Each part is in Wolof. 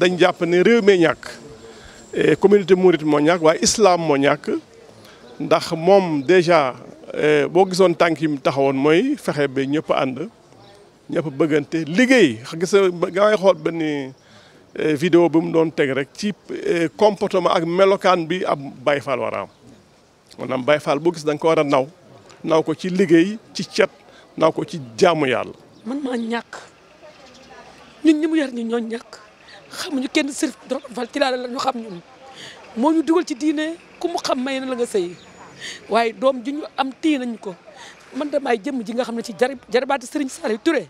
dañ jàpp ni réew mee ñàkk e communauté mouride moo ñàkk waaye islam moo ñàkk ndax moom déjà e boo gisoon tànk yi mu taxawoon mooy fexe ba ñëpp ànd ñëpp bëggante liggéey gis nga xool benn e video bi mu doon teg rek ci comportement ak melokaan bi am Baye Fall war a am maanaam Baye boo gis da ko war a naw naw ko ci liggéey ci cet naw ko ci jaamu yàlla. man maa ñàkk ñun ñi mu yar ñi ñoo ñàkk. xamuñu kenn sërif Ndorong Fall Tilala la ñu xam ñun moo ñu dugal ci diine ku mu xam may na la nga sëy waaye doom ju ñu am tii nañ ko man damaay jëm ji nga xam ne ci jar jarabaati Serigne Saliou ture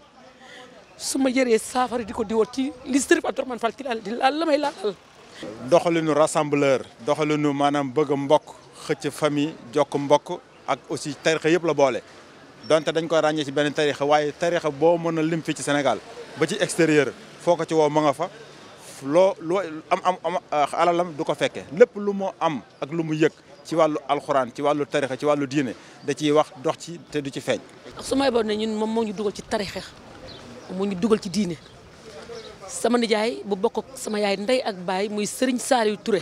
su ma yëree saafara di ko di ci li sërif Abdourahmane Fall Tilala di laal la may laalal. doxalinu rassembleur doxalinu maanaam bëgg mbokk xëcc famille jokk mbokk ak aussi tarixa yëpp la boole donte dañ ko ràññee ci benn tarixa waaye tarixa boo mën a lim fii ci Sénégal ba ci extérieur foo ko ci woo ma nga fa. loo loo am am am ah, alalam du ko fekke lépp lu mu am ak lu mu yëg ci wàllu alxuraan ci wàllu tarixa ci wàllu diine da ciy wax dox ci te du ci feeñ. suma eboon yeboon ne ñun moom moo ñu dugal ci tarixa moo ñu dugal ci diine sama nijaay bu bokk sama yaay ndey ak baay muy Serigne Saliou ture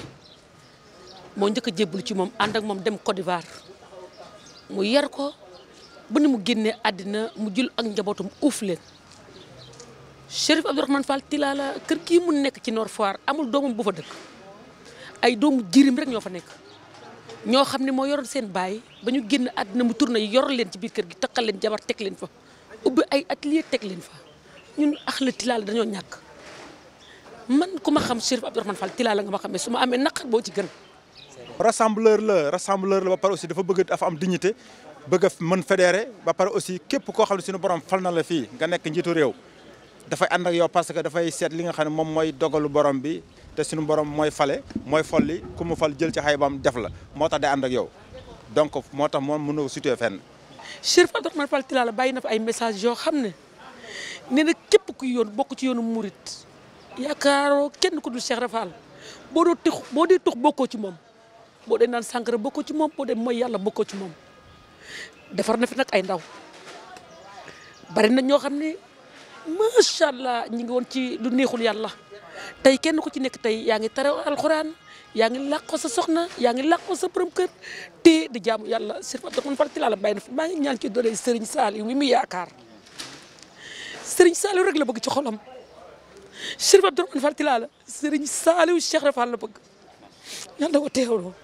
moo njëkk a jébbalu ci moom ànd ak moom dem Côte mu yar ko ba ni mu génnee àddina mu jul ak njabootum uuf leen. Chérif Abdourahmane Fall Tilala keur ki mu nek ci Nord amul doomam bu fa dekk ay doomu jirim rek ño fa nek ño xamni ne moo sen bay, bañu genn adna mu tourna yor len ci biir keur gi takal len jabar tek len fa ubbi ay atelier tek len fa ñun akhla Tilala dañu ñak man kuma ma xam Chérif Abdourahmane Fall Tilala nga ma xamé suma amé nak bo ci gën rassembleur la rassembleur le ba par aussi dafa bëgg dafa am dignité bëgg man mën fédéré ba par aussi képp ko xamni suñu borom fal na la fi nga nek njitu rew dafay ànd ak yow parce que dafay seet li nga xam ne moom mooy dogalu borom bi te suñu borom mooy fale mooy folli ku mu fal jël ci xaybaam def la moo tax day ànd ak yow donc moo tax moom mënoo situé fenn. Chérif Abdourahmane Fall Tilala bàyyi na fa ay message yoo xam ne nee na képp ku yoon bokk ci yoonu Mouride yaakaaroo kenn ku dul Cheikh Rafal boo doo tux boo dee tux bokkoo ci moom boo dee naan sàngara bokkoo ci moom boo dee mooy yàlla bokkoo ci moom defar na fi nag ay ndaw bari na ñoo xam ne. macha allah ñu ngi woon ci lu neexul yàlla tey kenn ku ci nekk tey yaa ngi taraw alxuraan yaa ngi làqoo sa soxna yaa ngi làqoo sa borom te di jaamu yàlla surtout da man farati laa la bàyyi na maa ngi ñaan ci doole Serigne Saliou mi mu yaakaar Serigne Saliou rek la bëgg ci xolam Cheikh Abdourahmane Fall Tilala Serigne Saliou Cheikh Rafal la bëgg yàlla na ko teewloo